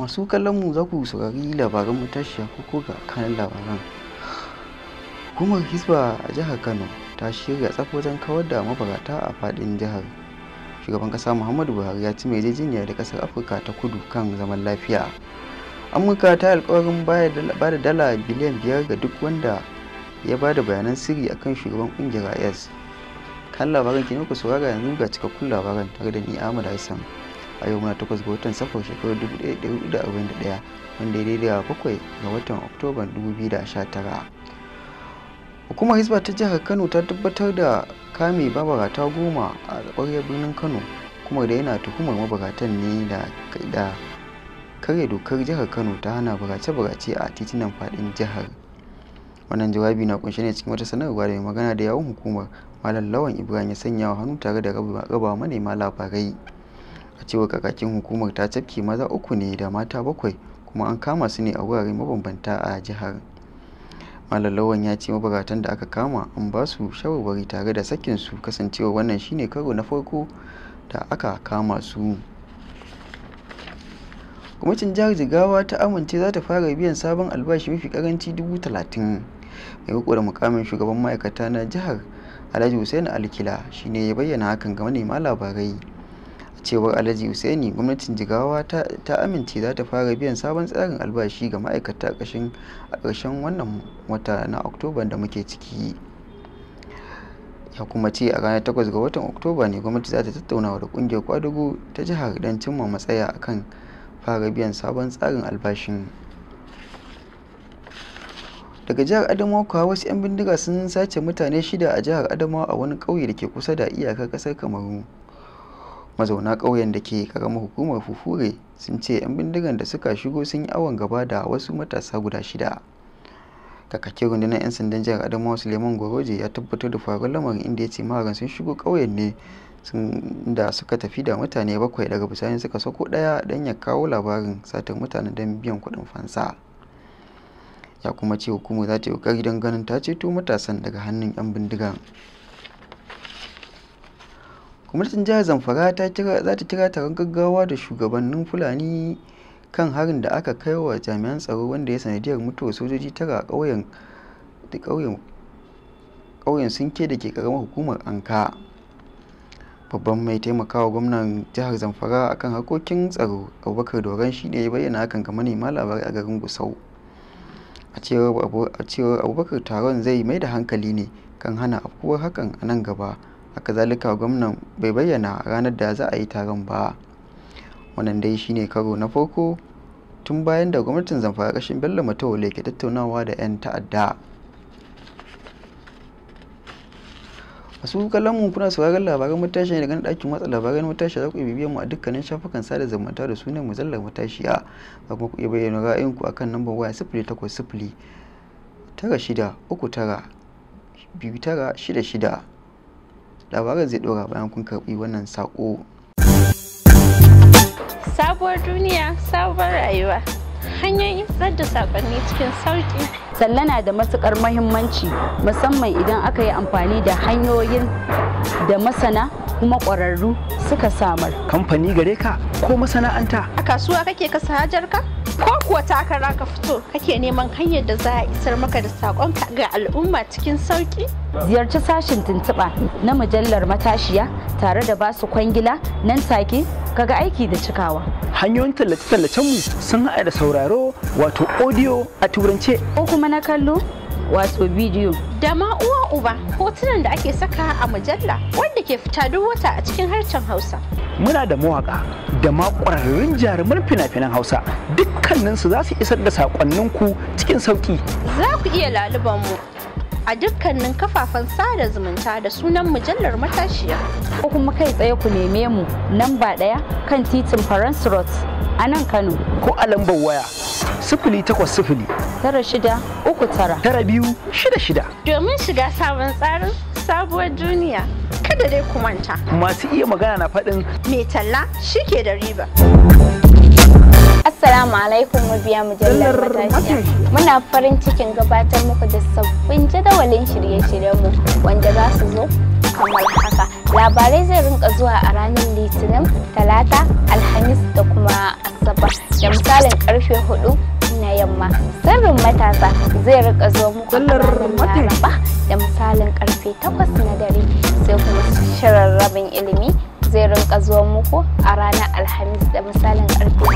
masu kallon mu za ku saurari labaran matashiya ko ga kanan labaran hukumar hisba a jihar kano ta shirya tsaf wajen kawar da mabarata a fadin jihar shugaban kasa muhammadu buhari ya ci mai jejiniya da kasar afirka ta kudu kan zaman lafiya amurka ta alkawarin ba da dala biliyan biyar ga duk wanda ya ba da bayanan sirri akan shugaban kungiyar is kan labaran kenan ku saurara yanzu ga cikakkun labaran tare da ni ahmad hassan a yau muna takwas ga watan safar shekarar ɗaya wanda ya daidai a bakwai ga watan oktoba tara hukumar hisba ta jihar kano ta tabbatar da kame babarata goma a ƙwarya birnin kano kuma da yana tuhumar mabaratan ne da karya dokar jihar kano ta hana barace-barace a titunan faɗin jihar wannan jawabi na kunshe ne cikin wata sanarwa da mai magana da yawun hukumar malam lawan ibrahim ya sanya wa hannu tare da raba manema labarai a cewar kakakin hukumar ta cafke maza uku ne da mata bakwai kuma an kama su ne a wurare mabambanta a jihar malam lawan ya ce mabaratan da aka kama an ba su shawarwari tare da sakin su kasancewa wannan shine karo na farko da aka kama su gwamnatin jihar jigawa ta amince za ta fara biyan sabon albashi mafi karanci dubu talatin mai riko mukamin shugaban ma'aikata na jihar alhaji hussein alkila shine ya bayyana hakan ga manema labarai cewar alhaji usaini gwamnatin jigawa ta amince za ta fara biyan sabon tsarin albashi ga ma'aikata a ƙarshen wannan wata na oktoba da muke ciki ya kuma ce a ranar 8 ga watan oktoba ne gwamnati za ta tattaunawa da kungiyar kwadugo ta jihar don cimma matsaya akan fara biyan sabon tsarin albashin daga jihar adamawa kuwa wasu 'yan bindiga sun sace mutane shida a jihar adamawa a wani ƙauye da ke kusa da iyakar ƙasar kamaru Mazauna ƙauyen da ke ƙaramar hukumar Fufure sun ce 'yan bindigan da suka shigo sun yi awon gaba da wasu matasa guda shida. Kakakin rundunar 'yan sandan Jihar Adamawa Suleiman Goroje ya tabbatar da faruwar lamarin inda ya ce maharan sun shigo ƙauyen ne da suka tafi da mutane bakwai daga bisani suka sako ɗaya don ya kawo labarin satar mutanen don biyan kuɗin fansa. Ya kuma ce hukumar za ta yi ƙoƙari don ganin ta ceto matasan daga hannun 'yan bindigar. Gwamnatin Jihar Zamfara za ta kira taron gaggawa da shugabannin Fulani kan harin da aka kai wa jami'an tsaro wanda ya sanadiyar sanadiyyar mutuwar sojoji tara a ƙauyen Sinke da ke ƙaramar hukumar Anka. Babban mai taimakawa gwamnan jihar Zamfara akan harkokin tsaro Abubakar Doron shi ne ya bayyana hakan ga manema labarai a garin Gusau. A cewar Abubakar taron zai mai da hankali ne kan hana afkuwar hakan a nan gaba. haka zalika gwamnan bai bayyana ranar da za a yi taron ba wannan dai shine karo na farko tun bayan da gwamnatin zamfara kashin bello matawale ke tattaunawa da 'yan ta'adda masu kallon mu kuna sauraron labaran matashi ne daga ɗakin watsa labaran matashi za ku iya bibiyar mu a dukkanin shafukan sada zumunta da sunan mujallar matashiya za kuma ku iya bayyana ra'ayinku akan lambar waya sifili takwas sifili tara shida uku tara biyu tara shida shida labarin zai ɗora bayan kun karɓi wannan saƙo. Sabuwar duniya, sabuwar rayuwa. Hanyar isar da saƙonni cikin sauƙi. Sallana da matukar mahimmanci musamman idan aka yi amfani da hanyoyin da masana kuma ƙwararru suka samar. Kamfani gare ka ko masana'anta? A kasuwa kake kasa hajar ka? ko kuwa takara ka fito kake neman hanyar da za a isar maka da saƙonka ga al'umma cikin sauƙi? Ziyarci sashin tuntuɓa na mujallar matashiya tare da basu kwangila nan take kaga aiki da cikawa. Hanyoyin tallace-tallacen mu sun haɗa da sauraro wato audio a turance. Ko kuma na kallo wato bidiyo da ma uwa uba hotunan da ake saka a mujalla wanda ke fita duk wata a cikin harshen hausa muna da mawaka da ma ƙwararrun jaruman fina-finan hausa dukkaninsu za su isar da saƙonninku cikin sauki za ku iya lalubanmu a dukkanin kafafen sada zumunta da sunan mujallar matashiya. Ko kuma kai tsaye ku neme mu nan ba ɗaya kan titin faransa Road a nan Kano. Ko a lambar waya sifili takwas sifili. Tara shida uku tara. Tara biyu shida shida. Domin shiga sabon tsarin sabuwar duniya. Kada dai ku manta. Masu iya magana na faɗin. Mai talla shi ke da riba. Assalamu alaikum mabiya mujallar matashiya. Muna farin cikin gabatar muku da sabbin jadawalin shirye-shiryenmu wanda za su zo kamar haka. Labarai zai rinka zuwa a ranar Litinin, Talata, Alhamis da kuma Asabar da misalin karfe hudu yamma sirrin matasa zai rika zo muku laraba da misalin karfe 8 na dare sai kuma shirin rabin ilimi zai rinka zo muku a ranar alhamis da misalin karfe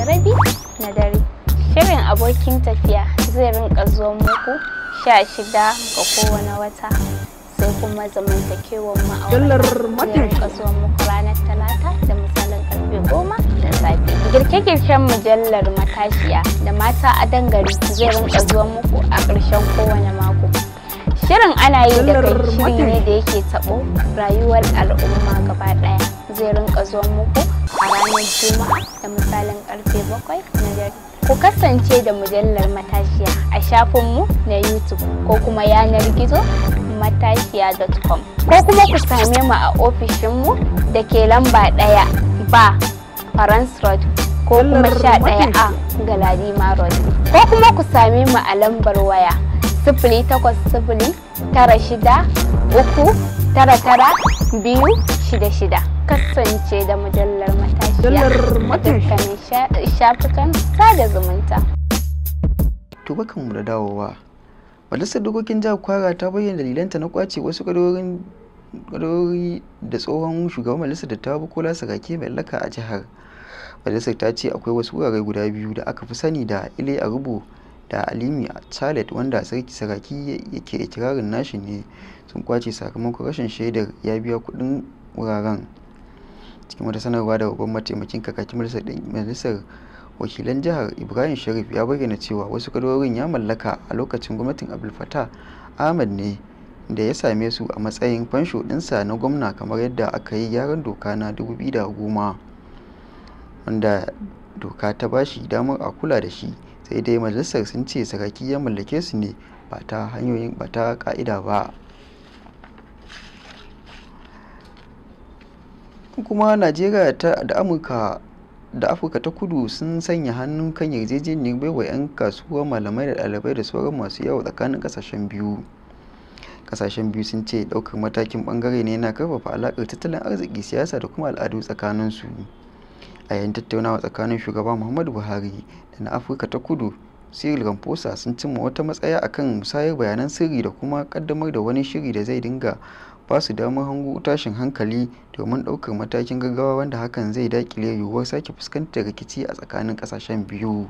da rabi na dare shirin abokin tafiya zai rinka zo muku sha shida ga kowane wata sai kuma zamantakewar ma'aurata zai rinka zo muku ranar talata da misalin Girke-girken mujallar matashiya da mata a dangare zai rinka zuwa muku a ƙarshen kowane mako. Shirin ana yi da kai shiri ne da yake taɓo rayuwar al'umma gaba ɗaya zai rinka zuwa muku a ranar Juma'a da misalin ƙarfe bakwai na dare. Ku kasance da mujallar matashiya a shafinmu na YouTube ko kuma yanar gizo matashiya.com ko kuma ku same mu a ofishinmu da ke lamba ɗaya ba Farans Road ko kuma sha ɗaya a ah, galadima road ko kuma ku sami mu a lambar waya sifili takwas sifili tara shida uku tara tara biyu shida shida kasance da mujallar matashiya dukkanin shafukan sada zumunta. To mu da dawowa. Majalisar dokokin jihar Kwara ta bayyana dalilanta na kwace wasu kadarori da tsohon shugaban majalisar da ta Bukola Sarake mai laka a jihar. Majalisar ta ce akwai wasu wurare guda biyu da aka fi sani da Ile a rubu da Alimi a Charlotte wanda sarki Saraki ke ikirarin nashi ne sun kwace sakamakon rashin shaidar ya biya kuɗin wuraren. Cikin wata sanarwa da babban mataimakin kakakin Majalisar Wakilan Jihar Ibrahim Sharif ya bayyana cewa wasu kadarorin ya mallaka a lokacin gwamnatin Abdel Fattah Ahmed ne da ya same su a matsayin fansho ɗinsa na gwamna kamar yadda aka yi gyaran doka na 2010. wanda doka ta ba shi damar a kula da shi sai dai majalisar sun ce saraki ya mallake su ne ba ta hanyoyin ba ta ka'ida ba kuma najeriya da amurka da afirka ta kudu sun sanya hannun kan yarjejeniyar baiwa 'yan kasuwa malamai da ɗalibai da sauran masu yawo tsakanin kasashen biyu kasashen biyu sun ce ɗaukar matakin ɓangare ne na karfafa alaƙar tattalin arziki siyasa da kuma al'adu tsakaninsu. su a yayin tattaunawa tsakanin shugaba muhammadu buhari da na afirka ta kudu cyril ramaphosa sun cimma wata matsaya akan musayar bayanan sirri da kuma kaddamar da wani shiri da zai dinga ba su damar hango tashin hankali domin ɗaukar matakin gaggawa wanda hakan zai daƙile yiwuwar sake fuskantar rikici a tsakanin ƙasashen biyu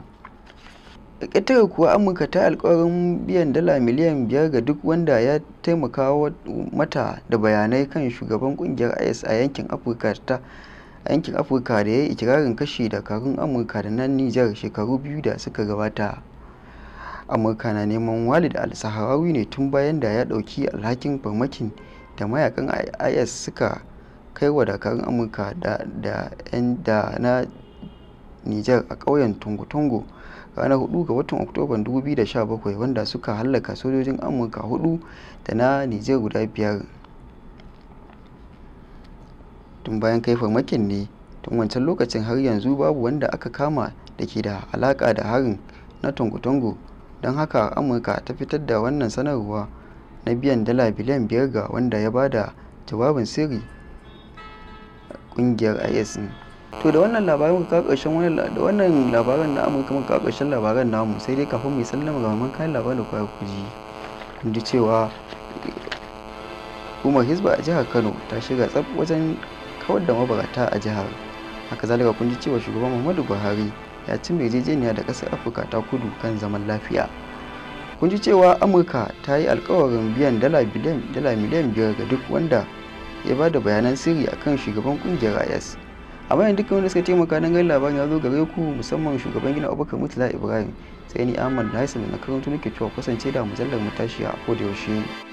ƙetare kuwa amurka ta alkawarin biyan dala miliyan biyar ga duk wanda ya taimaka mata da bayanai kan shugaban ƙungiyar is a yankin afirka ta yankin afirka da ya yi ikirarin kashe dakarun amurka da na nijar shekaru biyu da suka gabata amurka na neman walid al-saharawi ne tun bayan da ya dauki alhakin farmakin da mayakan is suka kai wa dakarun amurka da na nijar a ƙauyen tungu-tungu ranar hudu ga watan oktoban 2017 wanda suka hallaka sojojin amurka hudu da na nijar guda biyar tun bayan kai farmakin ne tun wancan lokacin har yanzu babu wanda aka kama da ke da alaka da harin na tungu-tungu don haka amurka ta fitar da wannan sanarwa na biyan dala biliyan biyar ga wanda ya ba da jawabin sirri kungiyar is to da wannan labarin ka karshen labaran na amurka muka karshen labaran namu sai dai kafin mai sallama ga mamman kayan labarin da kwaya kuji inda cewa hukumar hisba a jihar kano ta shiga tsab wajen kawar da mabarata a jihar haka zalika kun ji cewa shugaban muhammadu buhari ya ci yarjejeniya da kasar afirka ta kudu kan zaman lafiya kun ji cewa amurka ta yi alkawarin biyan dala miliyan biyar ga duk wanda ya ba da bayanan sirri a kan shugaban kungiyar is a bayan dukkan wanda suka taimaka nan gani labarin ya zo gare ku musamman shugaban gina abubakar mutala ibrahim sai ni ahmad laisan na karanto nake cewa kusance da mujallar matashiya a kodayaushe